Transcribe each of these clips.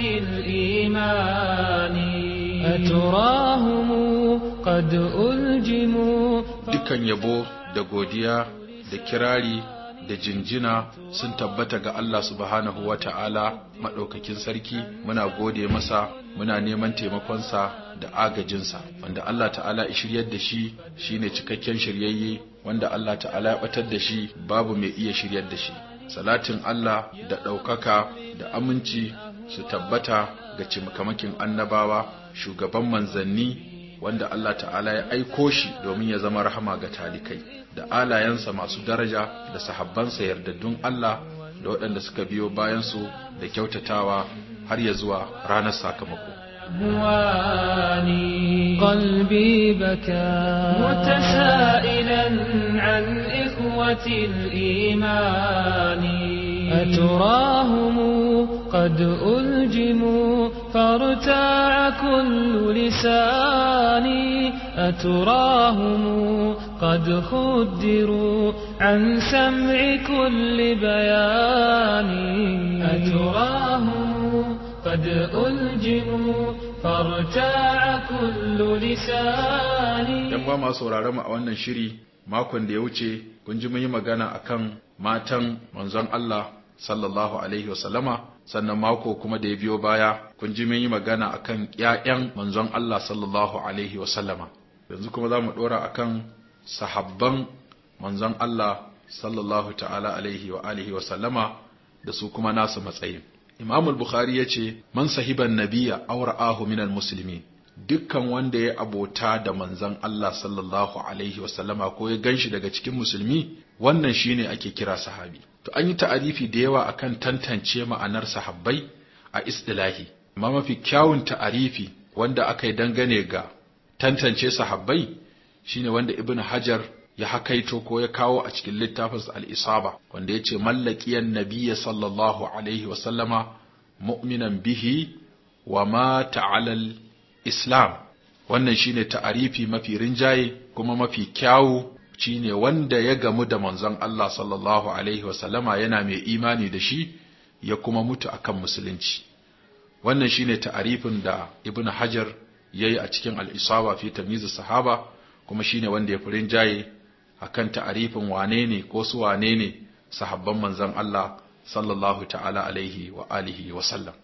الإيمان أتراهم قد ألجموا دكان يبو دقوديا دكراري da jinjina sun tabbata ga Allah subhanahu wa ta'ala maɗaukakin sarki muna gode masa muna neman taimakonsa da agajinsa wanda Allah ta'ala ya shiryar da shi shine cikakken shiryayye wanda Allah ta'ala ya batar da shi babu mai iya shiryar da shi salatin Allah da ɗaukaka da aminci su tabbata ga cimkamakin annabawa shugaban manzanni wanda Allah ta'ala ya aiko shi domin ya zama rahama ga talikai da alayensa masu daraja da sahabbansa yardaddun Allah da waɗanda suka biyo bayansu da kyautatawa har ya zuwa ranar sakamako. قلبي بكى متسائلا قد ألجموا فارتاع كل لساني أتراهم قد خدروا عن سمع كل بيان أتراهم قد ألجموا فارتاع كل لساني ينبغى ما رمع وانا شري ما كنت يوتي كنت kun ji أكام ما magana akan الله sallallahu alaihi wasallama sannan mako kuma da ya biyo baya kun ji mun yi magana akan ƴaƴan manzon Allah sallallahu alaihi wasallama yanzu kuma za mu dora akan sahabban manzon Allah sallallahu ta'ala alaihi wa alihi wasallama da su kuma nasu matsayin Imam al-Bukhari yace man sahiban nabiyya aw ra'ahu minal muslimin dukkan wanda ya abota da manzon Allah sallallahu alaihi wasallama ko ya ganshi daga cikin musulmi wannan shine ake kira sahabi to an yi ta'arifi da yawa akan tantance ma'anar sahabbai a istilahi amma mafi kyawun ta'arifi wanda aka yi dangane ga tantance sahabbai shine wanda ibn hajar ya hakaito ko ya kawo a cikin littafin al-isaba wanda yace mallakiyan nabiyya sallallahu alaihi wa sallama mu'minan bihi wa mata alal islam wannan shine ta'arifi mafi rinjaye kuma mafi kyawu shine wanda ya gamu da manzon Allah sallallahu alaihi wasallama yana mai imani da shi ya kuma mutu akan musulunci wannan shine ta'arifin da ibn hajar ya yi a cikin al-isaba fi tamyiz sahaba kuma shine wanda ya furin jaye akan ta'arifin wane ne ko su wane ne sahabban manzon Allah sallallahu ta'ala alaihi wa alihi wa sallam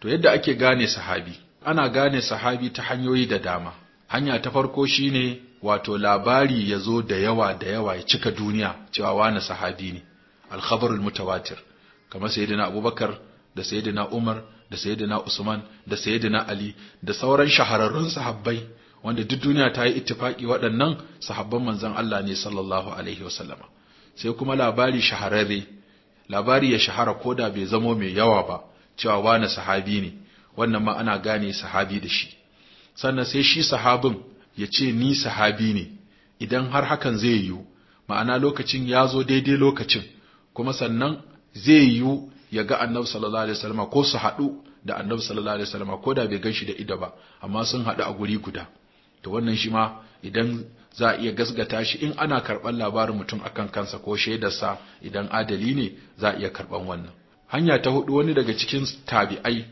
to yadda ake gane sahabi ana gane sahabi ta hanyoyi da dama hanya ta farko shine wato labari ya zo da yawa da yawa ya cika duniya cewa wani sahabi ne alkhabarul mutawatir kamar sayyidina abubakar da sayyidina umar da sayyidina usman da sayyidina ali da sauran shahararrun sahabbai wanda duk duniya ta yi ittifaki waɗannan sahabban manzon Allah ne sallallahu alaihi wasallama sai kuma labari shahararre labari ya shahara koda bai zamo mai yawa ba cewa wani sahabi ne wannan ma ana gane sahabi da shi sannan sai shi sahabin ya ce ni sahabi ne idan har hakan zai yiwu ma'ana lokacin ya zo daidai lokacin kuma sannan zai yiwu ya ga annabi sallallahu alaihi wasallam ko su haɗu da annabi sallallahu alaihi wasallam ko da bai gan shi da ido ba amma sun haɗu a guri guda to wannan shi ma idan za a iya gasgata shi in ana karɓar labarin mutum akan kansa ko shaidarsa idan adali ne za a iya karɓar wannan hanya ta hudu wani daga cikin tabi'ai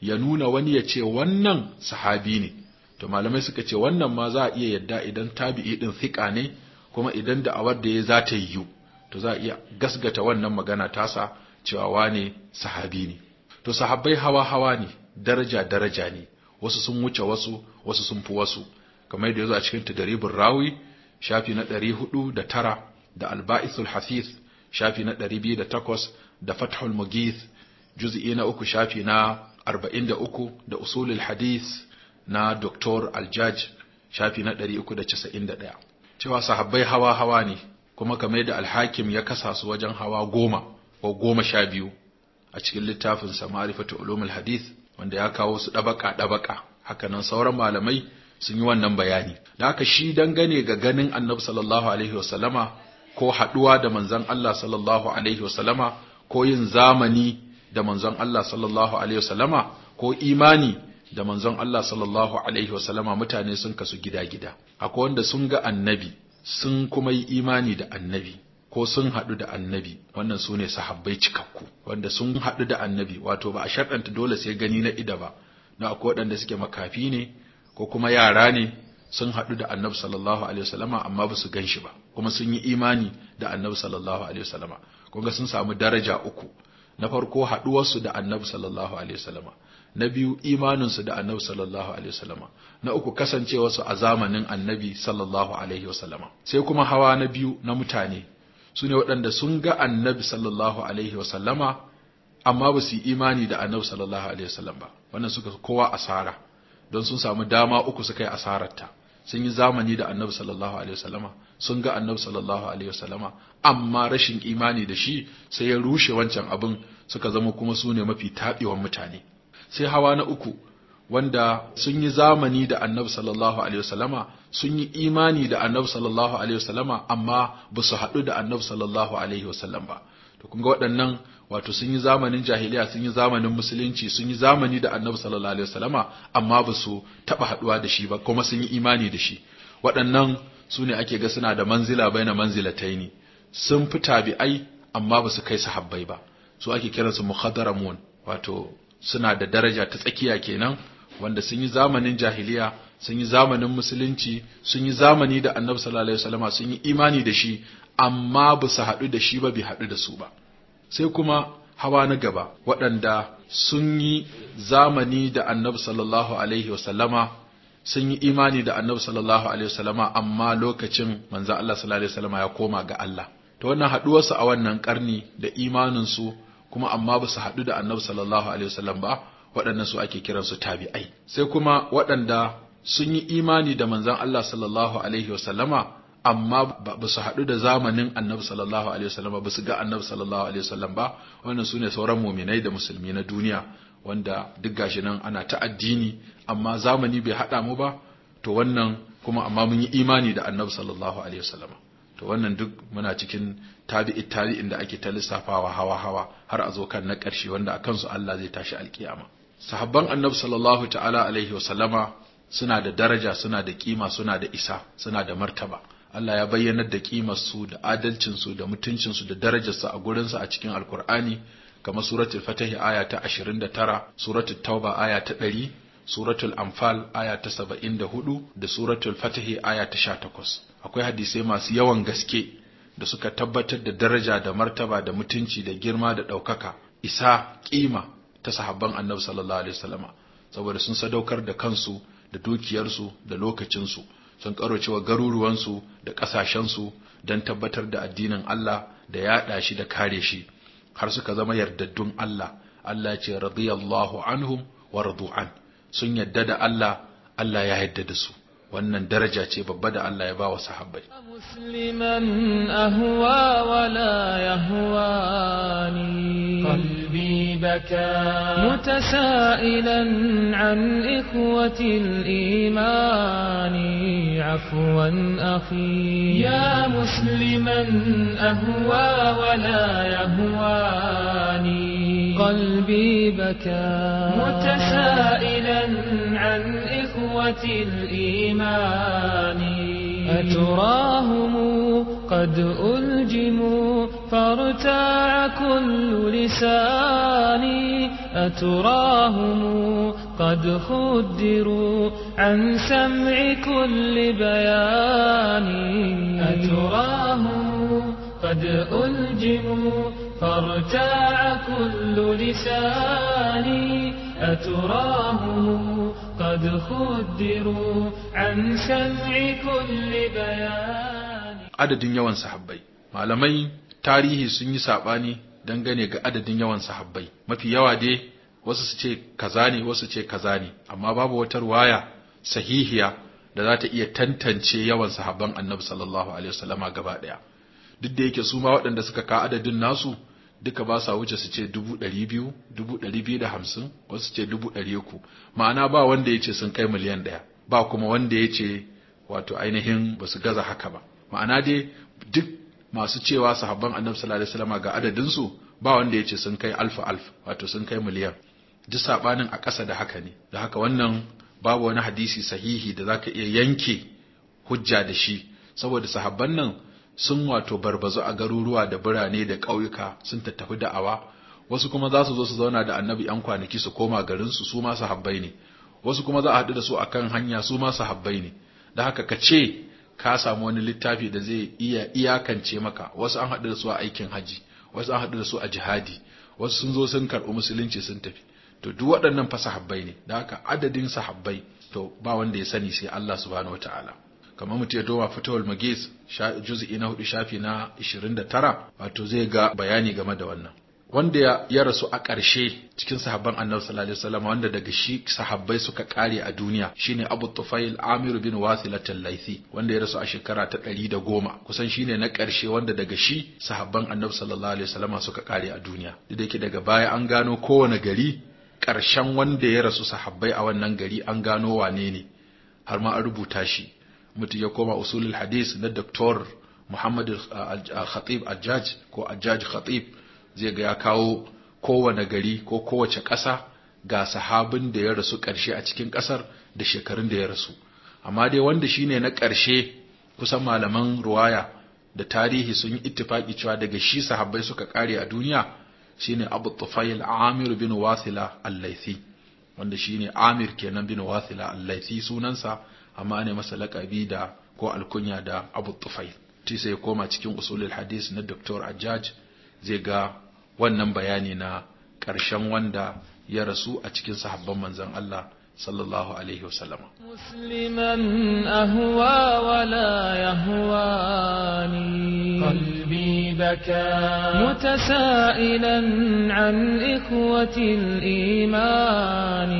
ya nuna wani ya ce wannan sahabi ne to malamai suka ce wannan ma za a iya yadda idan tabi'i din thiqa ne kuma idan da awar da ya za ta yiwu to za a iya gasgata wannan magana tasa cewa wane sahabi ne to sahabbai hawa hawa ne daraja daraja ne wasu sun wuce wasu wasu sun fi wasu kamar da yazo a cikin tadribul rawi shafi na 409 da alba'isul hafiz shafi na 208 da fathul mughith juz'i na uku shafi na 43 da usulul hadith na Dr. Aljaj shafi na 391 cewa sahabbai hawa hawa ne kuma kamar da alhakim ya kasa su wajen hawa goma ko goma sha biyu a cikin littafin sa ma'rifatu ulumul hadith wanda ya kawo su dabaka dabaka hakanan sauran malamai sun yi wannan bayani da haka shi dangane ga ganin annabi sallallahu alaihi wasallama ko haduwa da manzon Allah sallallahu alaihi wasallama ko yin zamani da manzon Allah sallallahu alaihi wasallama ko imani da manzon Allah sallallahu alaihi wasallama mutane sun kasu gida-gida akwai wanda sun ga annabi sun kuma yi imani da annabi ko sun haɗu da annabi wannan su ne sahabbai cikakku wanda sun haɗu da annabi wato ba a sharɗanta dole sai gani na ida ba na akwai waɗanda suke makafi ne ko kuma yara ne sun haɗu da annabi sallallahu alaihi wasallama amma ba su gan shi ba kuma sun yi imani da annabi sallallahu alaihi wasallama kun ga sun samu daraja uku na farko haɗuwarsu da annabi sallallahu alaihi wasallama na biyu imaninsu da annabi sallallahu alaihi wasallama na uku su a zamanin annabi sallallahu alaihi wasallama sai kuma hawa na biyu na mutane su ne waɗanda sun ga annabi sallallahu alaihi wasallama amma ba su yi imani da annabi sallallahu alaihi wasallam ba wannan suka kowa asara don sun samu dama uku suka yi asararta sun yi zamani da annabi sallallahu alaihi wasallama sun ga annabi sallallahu alaihi wasallama amma rashin imani da shi sai ya rushe wancan abin suka zama kuma su ne mafi taɓewan mutane sai hawa na uku wanda sun yi zamani da annabi sallallahu alaihi wasallama sun yi imani da annabi sallallahu alaihi wasallama amma ba su haɗu da annabi sallallahu alaihi wasallam ba to kun ga waɗannan wato sun yi zamanin jahiliya sun yi zamanin musulunci sun yi zamani da annabi sallallahu alaihi wasallama amma ba su taɓa haɗuwa da shi ba kuma sun yi imani da shi waɗannan su ne ake ga suna da manzila bai na manzilataini sun fi tabi'ai amma ba su kai sahabbai ba su ake kiransu mukhadaramun wato suna da daraja ta tsakiya kenan wanda sun yi zamanin jahiliya sun yi zamanin musulunci sun yi zamani da annabi sallallahu alaihi wasallama sun yi imani da shi amma ba su haɗu da shi ba bai haɗu da su ba sai kuma hawa na gaba waɗanda sun yi zamani da annabi sallallahu alaihi wasallama sun yi imani da annabi sallallahu alaihi wasallama amma lokacin manzo Allah sallallahu alaihi wasallama ya koma ga Allah ta wannan haɗuwarsu a wannan ƙarni da imaninsu kuma amma ba su haɗu da annabi sallallahu alaihi wasallam ba waɗannan su ake kiransu tabi'ai sai kuma waɗanda sun yi imani da manzon Allah sallallahu alaihi wasallama amma ba su haɗu da zamanin annabi sallallahu alaihi wasallam ba su ga annabi sallallahu alaihi wasallam ba wannan su ne sauran muminai da musulmi na duniya wanda duk gashi nan ana ta addini amma zamani bai haɗa mu ba to wannan kuma amma mun yi imani da annabi sallallahu alaihi wasallama to wannan duk muna cikin tabi'i tabi'in da ake ta lissafawa hawa hawa har a zo kan na ƙarshe wanda a kansu Allah zai tashi alƙiyama. sahabban annabi sallallahu ta'ala alaihi wa sallama suna da daraja suna da kima suna da isa suna da martaba Allah ya bayyanar da kimar su da adalcin su da mutuncin su da darajar a gurin su a cikin alkur'ani kamar suratul fatahi aya ta 29 suratul tauba aya ta 100 suratul anfal aya ta 74 da suratul fatahi aya ta 18 akwai hadisai masu yawan gaske da suka tabbatar da daraja da martaba da mutunci da girma da ɗaukaka isa ƙima ta sahabban annabi sallallahu alaihi wasallam saboda sun sadaukar da kansu da dukiyarsu da lokacinsu sun karocewa garuruwansu da ƙasashensu don tabbatar da addinin Allah da yaɗa shi da kare shi har suka zama yardaddun Allah Allah ce radiyallahu anhum wa radu'an sun yadda da Allah Allah ya yadda da su wannan daraja ce babba da Allah ya ba wa sahabbai musliman ahwa wala yahwani qalbi baka mutasailan an ikhwati al imani afwan akhi ya musliman ahwa wala yahwani قلبي بكى متسائلا عن إخوة الإيمان أتراهم قد ألجموا فارتاع كل لساني أتراهم قد خدروا عن سمع كل بياني أتراهم قد ألجموا فارتاع كل لساني أتراه قد خدروا عن سمع كل بيان عدد يوان صحبي malamai tarihi sun yi saɓani dangane ga adadin yawan sahabbai mafi yawa dai wasu su ce kaza ne wasu ce kaza ne amma babu wata ruwaya sahihiya da za ta iya tantance yawan sahabban annabi sallallahu alaihi wasallama gaba ɗaya duk da yake su ma waɗanda suka ka adadin nasu duka ba sa wuce su ce dubu ɗari biyu dubu ɗari biyu da hamsin wasu ce dubu ɗari uku ma'ana ba wanda ya ce sun kai miliyan ɗaya ba kuma wanda ya ce wato ainihin ba su gaza haka ba ma'ana dai duk masu cewa sahabban annabi sallallahu alaihi wasallam ga adadinsu ba wanda ya ce sun kai alfa alf wato sun kai miliyan duk sabanin a ƙasa da haka ne da haka wannan babu wani hadisi sahihi da zaka iya yanke hujja da shi saboda sahabban nan sun wato barbazu a garuruwa da birane da ƙauyuka sun tattafi da'awa wasu kuma za su zo su zauna da annabi yan kwanaki su koma garinsu su ma sahabbai ne wasu kuma za a haɗu da su akan hanya su ma sahabbai ne da haka ka ce ka samu wani littafi da zai iya iyakance maka wasu an haɗu da su a aikin haji wasu an haɗu da su a jihadi wasu sun zo sun karɓi musulunci sun tafi to duk waɗannan fa sahabbai ne da haka adadin sahabbai to ba wanda ya sani sai Allah subhanahu wataala kamar mutum ya doba fitowar magis juz'i na hudu shafi na 29 wato zai ga bayani game da wannan wanda ya rasu a ƙarshe cikin sahabban annabi sallallahu alaihi wasallam wanda daga shi sahabbai suka kare a duniya shine Abu Tufail Amir bin Wasilat al-Laythi wanda ya rasu a shekara ta 110 kusan shine na ƙarshe wanda daga shi sahabban annabi sallallahu alaihi wasallam suka kare a duniya duk yake daga baya an gano kowane gari ƙarshen wanda ya rasu sahabbai a wannan gari an gano wane ne har ma an rubuta shi mutum ya koma usulul hadis na Dr. Muhammad uh, uh, Khatib Ajaj ko Ajaj Khatib zai ga ya kawo kowane gari ko kowace ƙasa ga sahabin da ya rasu ƙarshe a cikin ƙasar da shekarun da ya rasu amma dai wanda shine na ƙarshe kusan malaman ruwaya da tarihi sun yi ittifaki cewa daga shi sahabbai suka kare a duniya shine Abu tufayil Amir bin Wasila Al-Laythi wanda shine Amir kenan bin Wasila Al-Laythi sunansa amma ne masa laƙabi da ko alkunya da abu tufai ti sai koma cikin usulul hadis na Dr. Ajaj zai ga wannan bayani na ƙarshen wanda ya rasu a cikin sahabban manzon Allah صلى الله عليه وسلم مسلما أهوى ولا يهواني قلبي بكى متسائلا عن إخوة الإيمان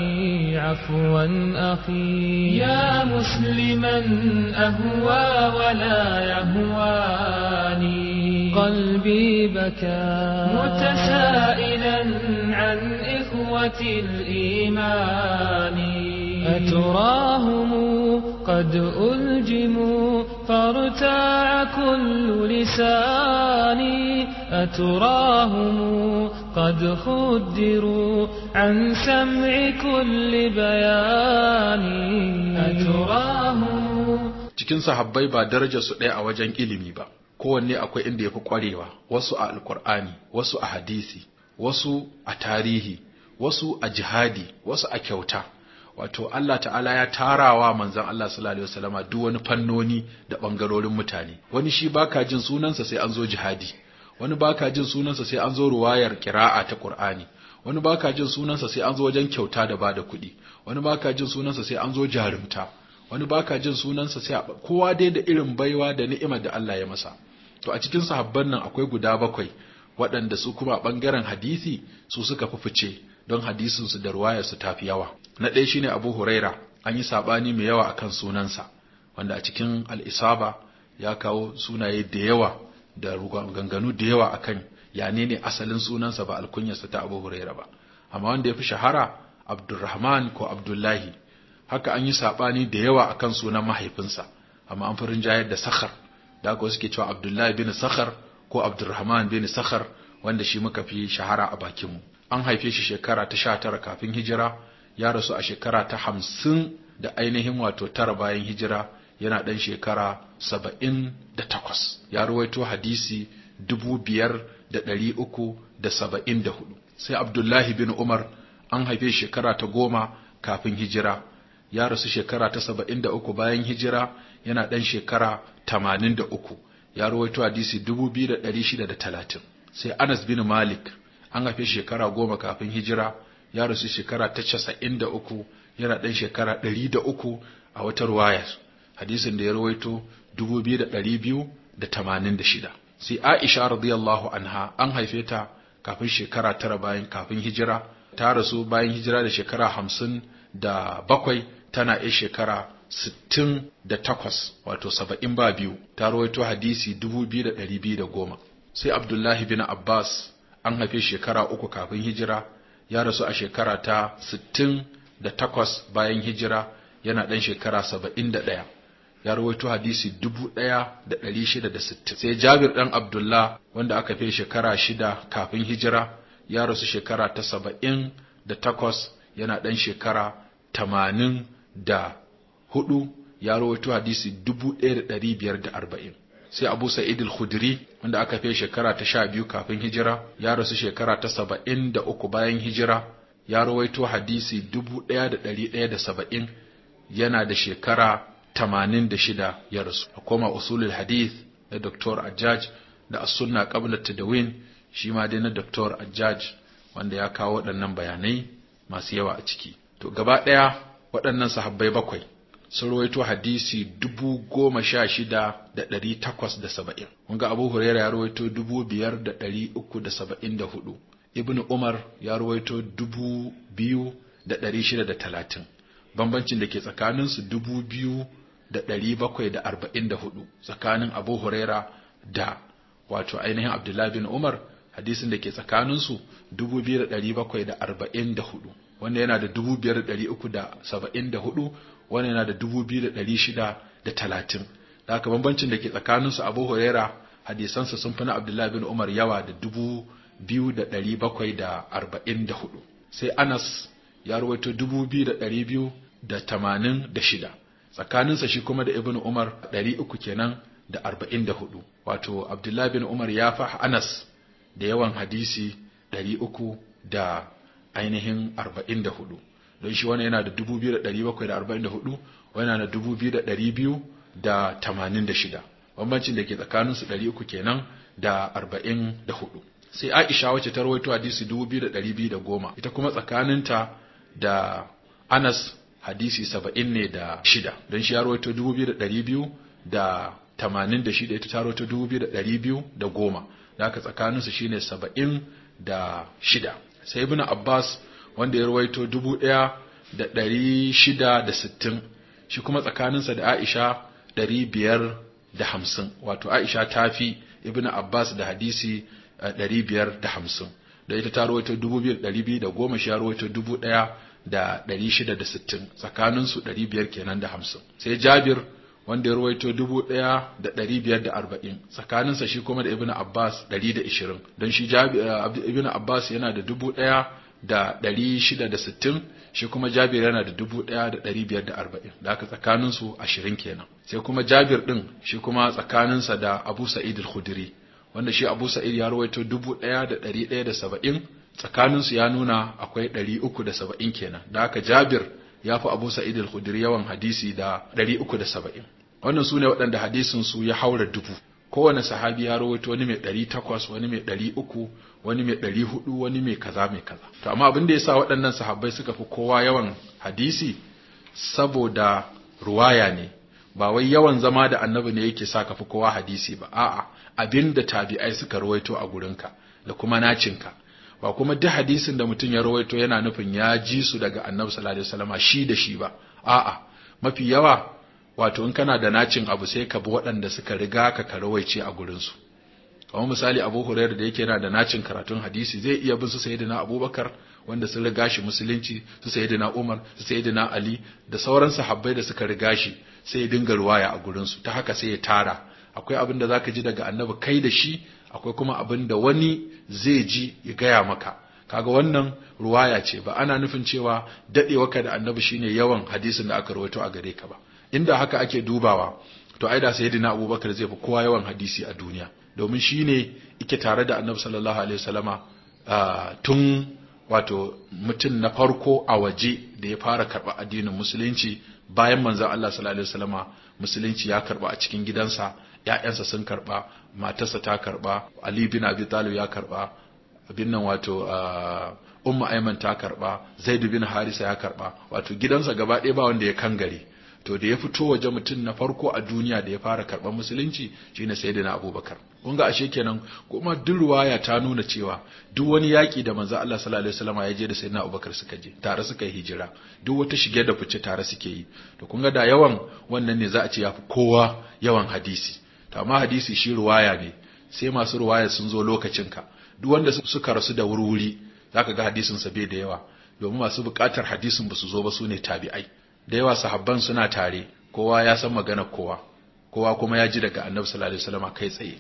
عفوا أخي يا مسلما أهوى ولا يهواني قلبي بكى متسائلا عن إخوة الإيمان تراهم قد ألجموا فارتاع كل لساني أتراهم قد خدروا عن سمع كل بياني أتراهم cikin sahabbai ba darajar su ɗaya a wajen ilimi ba kowanne akwai inda ya fi ƙwarewa wasu a alkur'ani wasu a hadisi wasu a tarihi wasu a jihadi wasu a kyauta wato Allah ta'ala ya tarawa manzan Allah sallallahu alaihi wasallama duk wani fannoni da bangarorin mutane wani shi baka jin sunansa sai an zo jihadi wani baka jin sunansa sai an zo ruwayar kira'a ta Qur'ani wani baka jin sunansa sai an zo wajen kyauta da bada kuɗi wani baka jin sunansa sai an zo jarumta wani baka jin sunansa sai kowa dai da irin baiwa da ni'imar da Allah ya masa to a cikin sahabban nan akwai guda bakwai waɗanda su kuma bangaren hadisi su suka fi fice don hadisinsu da ruwayarsu fi yawa na ɗaya shine abu huraira an yi saɓani mai yawa akan sunansa wanda a cikin al'isaba ya kawo sunaye da yawa da ganganu da yawa akan ya ne asalin sunansa ba alkunyarsa ta abu huraira ba amma wanda ya fi shahara abdulrahman ko abdullahi haka an yi saɓani da yawa akan sunan mahaifinsa amma an fi rinjayar da sakhar da aka suke cewa abdullahi bin sakhar ko abdulrahman bin sakhar wanda shi muka fi shahara a bakinmu an haife shi shekara ta sha tara kafin hijira ya rasu a shekara ta hamsin da ainihin wato tara bayan hijira yana ɗan shekara saba'in da takwas ya ruwaito hadisi dubu biyar da ɗari uku da saba'in da hudu sai abdullahi bin umar an haife shekara ta goma kafin hijira ya rasu shekara ta saba'in da uku bayan hijira yana ɗan shekara tamanin da uku ya ruwaito hadisi dubu biyu da ɗari shida da talatin sai anas bin malik an haife shekara goma kafin hijira ya rasu shekara ta casa'in da uku yana ɗan shekara ɗari da uku a wata ruwaya. hadisin da ya rawaito dubu biyu da ɗari biyu da tamanin da shida sai aisha radiyallahu anha an haife ta kafin shekara tara bayan kafin hijira ta rasu bayan hijira da shekara hamsin da bakwai tana iya shekara sittin da takwas wato saba'in ba biyu ta rawaito hadisi dubu biyu da ɗari biyu da goma sai abdullahi bin abbas an haife shekara uku kafin hijira ya rasu a shekara ta 68 bayan hijira yana ɗan shekara 71 ya rawaito hadisi sittin. sai Jabir ɗan Abdullah wanda aka fi shekara shida kafin hijira ya rasu shekara ta saba'in da 78 yana ɗan shekara 84 ya rawaito hadisi arba'in. sai Abu Sa'id al-Khudri wanda aka fi shekara ta sha biyu kafin hijira ya rasu shekara ta saba'in da uku bayan hijira ya rawaito hadisi dubu ɗaya da ɗari ɗaya da saba'in yana da shekara tamanin da shida ya rasu a koma usulul hadith na Dr. Ajaj da as-sunna qabla tadawin shi ma dai na Dr. Ajaj wanda ya kawo waɗannan bayanai masu yawa a ciki to gaba ɗaya waɗannan sahabbai bakwai sun rawaito hadisi dubu goma sha shida da ɗari takwas da saba'in. Kunga Abu Huraira ya rawaito dubu biyar da ɗari uku da saba'in da hudu. Ibn Umar ya rawaito dubu biyu da ɗari shida da talatin. Bambancin da ke tsakaninsu dubu biyu da ɗari bakwai da arba'in da hudu tsakanin Abu Huraira da wato ainihin Abdullahi bin Umar hadisin da ke tsakaninsu dubu biyu da ɗari bakwai da arba'in da hudu. Wanda yana da dubu biyar da ɗari uku da saba'in da hudu wani yana da dubu biyu da ɗari shida da talatin da haka bambancin da ke tsakaninsu abu huraira hadisansa sun fi na abdullahi bin umar yawa da dubu biyu da ɗari bakwai da arba'in da hudu sai anas ya ruwaito dubu biyu da ɗari biyu da tamanin da shida tsakaninsa shi kuma da ibn umar ɗari uku kenan da arba'in da hudu wato abdullahi bin umar ya fa anas da yawan hadisi ɗari uku da ainihin arba'in da hudu don shi wani yana da 2744 wani yana da 2286 bambancin da ke tsakanin su 300 kenan da 44 sai Aisha wacce ta rawaito hadisi 2210 ita kuma tsakaninta da Anas hadisi 70 ne da shida don shi ya rawaito 2200 da 86 ita ta rawaito 2210 da haka tsakaninsu shine 70 da shida sai ibn Abbas wanda ya ruwaito dubu ɗaya da ɗari shida da sittin shi kuma tsakaninsa da aisha ɗari biyar da hamsin wato aisha ta fi ibn abbas da hadisi eh, ɗari biyar da hamsin da ita ta ruwaito dubu biyar ɗari biyu da goma shi ya ruwaito dubu ɗaya da ɗari shida da sittin tsakaninsu ɗari biyar kenan da hamsin sai jabir wanda ya ruwaito dubu ɗaya da ɗari biyar da arba'in tsakaninsa shi kuma da ibn abbas ɗari da ishirin don shi eh, ibn abbas yana da dubu ɗaya da 660 shi kuma Jabir yana da 1540 da aka tsakaninsu 20 kenan sai kuma Jabir ɗin shi kuma tsakaninsa da Abu Sa'id al-Khudri wanda shi Abu Sa'id ya rawaito 1170 saba'in, tsakaninsu ya nuna akwai ɗari 370 kenan da aka Jabir ya fi Abu Sa'id al yawan hadisi da 370 wannan su ne waɗanda hadisinsu ya haura dubu kowane sahabi ya rawaito wani mai 800 wani mai uku. wani mai ɗari hudu wani mai kaza mai kaza to amma abin da ya sa waɗannan sahabbai suka fi kowa yawan hadisi saboda ruwaya ne ba wai yawan zama da annabi ne yake sa ka fi kowa hadisi ba a'a abin da tabi'ai suka rawaito a gurinka da kuma nacinka ba kuma duk hadisin da mutum ya rawaito yana nufin ya ji su daga annabi sallallahu alaihi wasallam shi da shi ba a'a mafi yawa wato in kana da nacin abu sai ka bi waɗanda suka riga ka ka rawaice a gurinsu kamar misali Abu hurairu da yake yana da nacin karatun hadisi zai iya bin su sayyidina Abubakar wanda sun riga shi musulunci su sayyidina Umar su sayyidina Ali da sauran sahabbai da suka riga shi sai ya dinga ruwaya a gurin su ta haka sai ya tara akwai abin da zaka ji daga annabi kai da shi akwai kuma abin da wani zai ji ya gaya maka kaga wannan ruwaya ce ba ana nufin cewa dadewarka da annabi shine yawan hadisin da aka rawaito a gare ka ba inda haka ake dubawa to ai da sayyidina Abubakar zai fi kowa yawan hadisi a duniya domin shi ne ike tare da annabi sallallahu alaihi wasallama tun wato mutum na farko a waje da ya fara karɓa addinin musulunci bayan manzon Allah sallallahu alaihi wasallama musulunci ya karɓa a cikin gidansa ‘ya'yansa sun karɓa matarsa ta karɓa Ali bin Abi Talib ya karɓa abin nan wato Umma Aiman ta karɓa Zaid bin Harisa ya karɓa wato gidansa gaba ɗaya ba wanda ya gari. to da ya fito waje mutum na farko a duniya da ya fara karɓar musulunci shi shine na abubakar kun ga ashe kenan kuma duk ruwaya ta nuna cewa duk wani yaƙi da manzo Allah sallallahu alaihi wasallam ya je da sayyidina abubakar suka je tare suka yi hijira duk wata shige da fice tare suke yi to kunga da yawan wannan ne za a ce yafi kowa yawan hadisi to amma hadisi shi ruwaya ne sai masu ruwaya sun zo lokacin ka duk wanda suka rasu da wurwuri zaka ga hadisin sa bai da yawa domin masu buƙatar hadisin ba su zo ba su ne tabi'ai da yawa sahabban suna tare kowa ya san magana kowa kowa kuma ya ji daga annabi sallallahu alaihi wasallam kai tsaye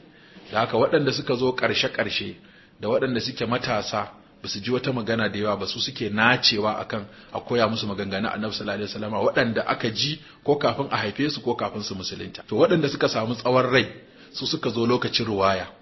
da haka waɗanda suka zo ƙarshe ƙarshe da waɗanda suke matasa ba su ji wata magana da yawa ba su suke nacewa akan a koya musu maganganu annabi sallallahu alaihi wasallam waɗanda aka ji ko kafin a haife su ko kafin su musulunta to waɗanda suka samu tsawon rai su suka zo lokacin ruwaya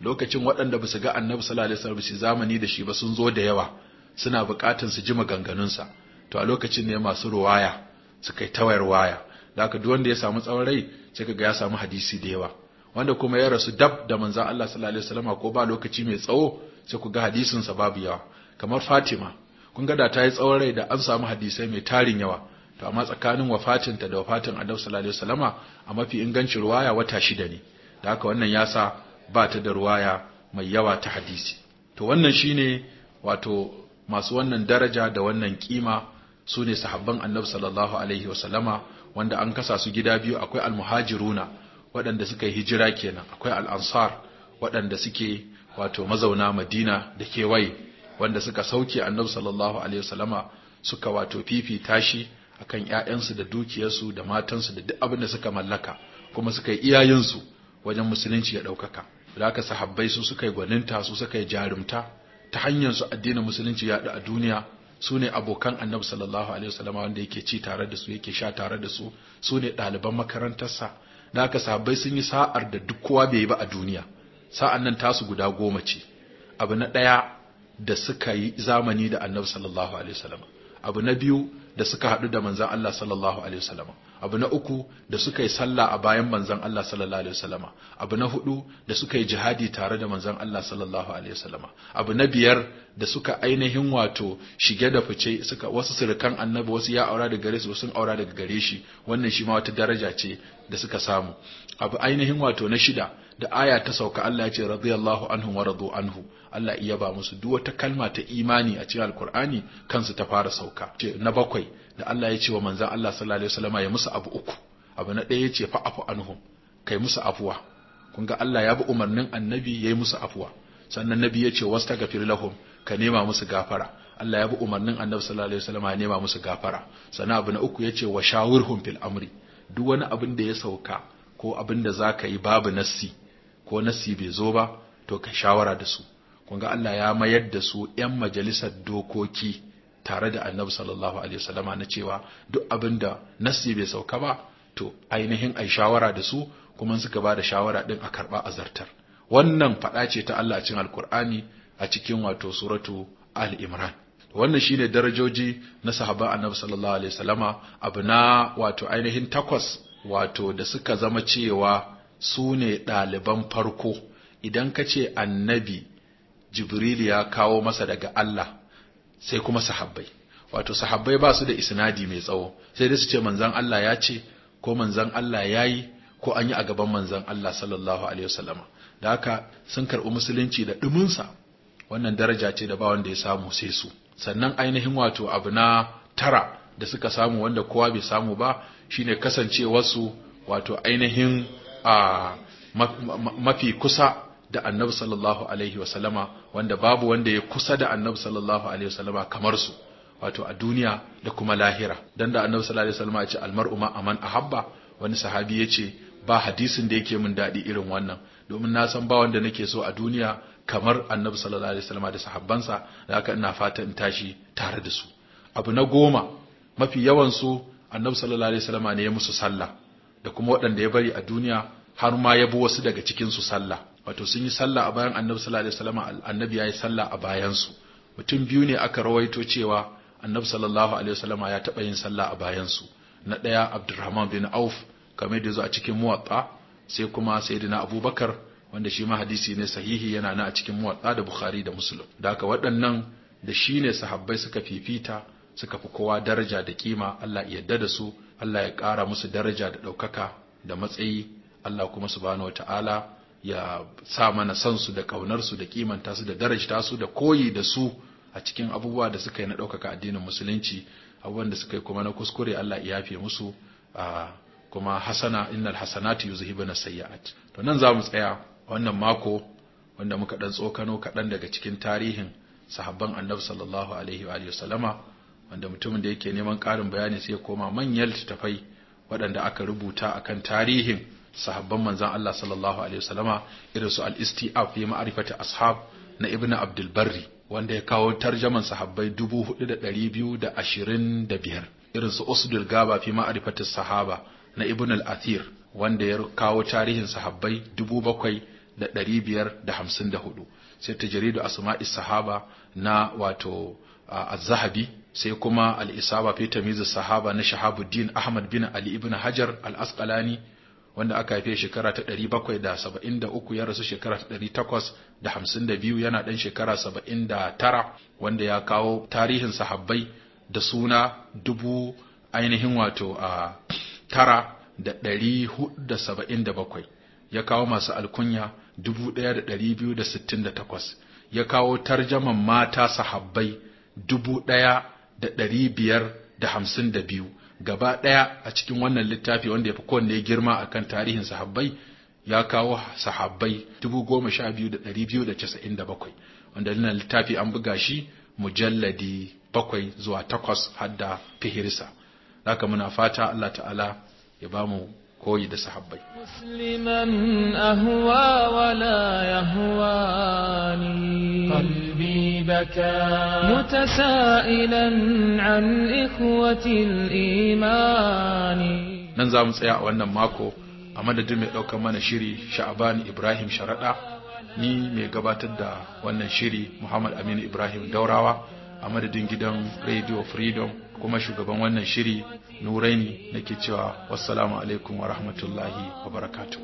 lokacin waɗanda ba su ga annabi sallallahu alaihi wasallam su zamani da shi ba sun zo da yawa suna buƙatar su ji maganganunsa to a lokacin ne masu ruwaya suka yi tawayar waya da aka duk wanda ya samu tsawon rai sai kaga ya samu hadisi da yawa wanda kuma ya rasu dab da manzon Allah sallallahu alaihi wasallam ko ba lokaci mai tsawo sai ku ga hadisin sa babu yawa kamar Fatima kun ga da ta yi tsawon rai da an samu hadisai mai tarin yawa to amma tsakanin wafatinta da wafatin Annabi sallallahu alaihi wasallama a mafi ingancin ruwaya wata shida ne da haka wannan yasa ba ta da ruwaya mai yawa ta hadisi to wannan shine wato masu wannan daraja da wannan kima su ne sahabban annabi sallallahu alaihi wasallama wanda an kasa su gida biyu akwai almuhajiruna waɗanda suka yi hijira kenan akwai al'ansar waɗanda suke wato mazauna madina da kewaye wanda suka sauke annabi sallallahu alaihi wasallama suka wato fifita tashi akan ƴaƴansu da dukiyarsu da matansu da duk abin da suka mallaka kuma suka yi iyayensu wajen musulunci ya ɗaukaka da haka sahabbai su suka yi gwaninta su suka yi jarumta ta hanyar su addinin musulunci ya a duniya su ne abokan annabi sallallahu alaihi wasallam wanda yake ci tare da su yake sha tare da su su ne ɗaliban makarantarsa da aka sahabbai sun yi sa'ar da duk kowa bai yi ba a duniya sa'an nan tasu guda goma ce abu na ɗaya da suka yi zamani da annabi sallallahu alaihi wasallam abu na biyu da suka haɗu da manzon Allah sallallahu alaihi wasallam abu na uku da suka yi sallah a bayan manzon Allah sallallahu alaihi wasallama abu na hudu da suka yi jihadi tare da manzon Allah sallallahu alaihi wasallama abu na biyar da suka ainihin wato shige da fice suka wasu surukan annabi wasu ya aura daga gare su sun aura daga gare shi wannan shi ma wata daraja ce da suka samu abu ainihin wato na shida da aya ta sauka Allah ya ce radiyallahu anhu wa radu anhu Allah iya ba musu duk wata kalma ta imani a cikin alkur'ani kansu ta fara sauka na bakwai da Allah ya ce wa manzan Allah sallallahu alaihi wasallama ya musu abu uku abu na ɗaya ya ce fa'afu anhum kai musu afuwa kun ga Allah ya bi umarnin annabi ya yi musu afuwa sannan nabi ya ce wastaghfir lahum ka nema musu gafara Allah ya bi umarnin annabi sallallahu alaihi wasallama ya nema musu gafara sannan abu na uku ya ce wa shawirhum fil amri duk wani abin da ya sauka ko abin da zaka yi babu nassi ko nassi bai zo ba to ka shawara da su kun ga Allah ya mayar da su 'yan majalisar dokoki tare da annabi sallallahu alaihi wasallama na cewa duk abin da nassi bai sauka ba to ainihin ai shawara da su kuma suka ba da shawara din a karba azartar wannan faɗa ce ta Allah a cikin alkur'ani a cikin wato suratu al-imran wannan shine darajoji na sahaba annabi sallallahu alaihi wasallama abu na wato ainihin takwas wato da suka zama cewa su ne ɗaliban farko idan ka ce annabi jibril ya kawo masa daga Allah sai kuma sahabbai wato sahabbai ba su da isnadi mai tsawo sai dai su ce manzon Allah ya ce ko manzon Allah ya yi ko an yi a gaban manzon Allah sallallahu alaihi wasallama da haka sun karɓi musulunci da ɗuminsa wannan daraja ce da ba wanda ya samu sai su sannan ainihin wato abu na tara da suka samu wanda kowa bai samu ba shine kasancewarsu wato ainihin ah, a mafi kusa da annabi sallallahu alaihi wasallama wanda babu wanda ya kusa da annabi sallallahu alaihi wasallama kamar su wato a duniya da kuma lahira dan da annabi sallallahu alaihi wasallama ya ce almar'u ma aman ahabba wani sahabi ya ce ba hadisin da yake min daɗi irin wannan domin na san ba wanda nake so a duniya kamar annabi sallallahu alaihi wasallama da sahabbansa da haka ina fata in tashi tare da su abu na goma mafi yawan su annabi sallallahu alaihi wasallama ne ya musu sallah da kuma waɗanda ya bari a duniya har ma ya bi wasu daga cikin su sallah wato sun yi sallah a bayan annabi sallallahu alaihi wasallam annabi yi sallah a bayan su mutum biyu ne aka rawaito cewa annabi sallallahu alaihi wasallam ya taba yin sallah a bayan su na daya Abdurrahman bin Auf kamar da zo a cikin Muwatta sai kuma Sayyidina Abubakar wanda shi ma hadisi ne sahihi yana na a cikin Muwatta da Bukhari da Muslim da haka waɗannan da shi ne sahabbai suka fifita suka fi kowa daraja da kima Allah ya yarda da su Allah ya ƙara musu daraja da ɗaukaka da matsayi Allah kuma subhanahu wataala ya sa mana san su da kaunar da kimanta su da darajta su da koyi da su a cikin abubuwa da suka yi na ɗaukaka addinin musulunci abubuwan da suka yi kuma na kuskure Allah ya yafe musu kuma hasana innal hasanatu yuzhibuna sayyi'at to nan za mu tsaya wannan mako wanda muka dan tsokano kaɗan daga cikin tarihin sahabban annabi sallallahu alaihi wa alihi wasallama wanda mutumin da yake neman ƙarin bayani sai ya koma manyan littattafai waɗanda aka rubuta akan tarihin sahabban manzan Allah sallallahu alaihi wasallama irin su al-istiaf fi ma'rifati ashab na ibnu abdul barri wanda ya kawo tarjaman sahabbai 4225 irin su usdul gaba fi ma'rifati sahaba na ibnu al-athir wanda ya kawo tarihin sahabbai 7554 sai tajridu asma'i sahaba na wato az-zahabi sai kuma al-isaba fi tamyiz sahaba na shahabuddin ahmad bin ali ibnu hajar al-asqalani wanda aka haife shekara ta 773 ya rasu shekara ta 852 yana ɗan shekara 79 wanda ya kawo tarihin sahabbai da suna dubu ainihin wato a tara da ɗari hudu da saba'in da bakwai ya kawo masu alkunya dubu ɗaya da ɗari biyu da sittin da takwas ya kawo tarjaman mata sahabbai dubu ɗaya da ɗari biyar da hamsin da biyu gaba ɗaya a cikin wannan littafi wanda ya fi kowanne girma a kan tarihin sahabbai ya kawo sahabbai 12,297 wanda nan littafi an buga shi mujalladi bakwai zuwa takwas hadda fihirsa. Haka muna fata Allah ta'ala ya ba mu koyi da sahabbai musliman ahwa wa la yahwani qalbi baka mutasailan an ikhwati imani nan za mu tsaya a wannan mako a madadin mai ɗaukar mana shiri sha'aban ibrahim sharaɗa ni mai gabatar da wannan shiri muhammad aminu ibrahim daurawa a madadin gidan radio freedom kuma shugaban wannan shiri nuraini nake cewa wassalamu alaikum wa rahmatullahi wa barakatuh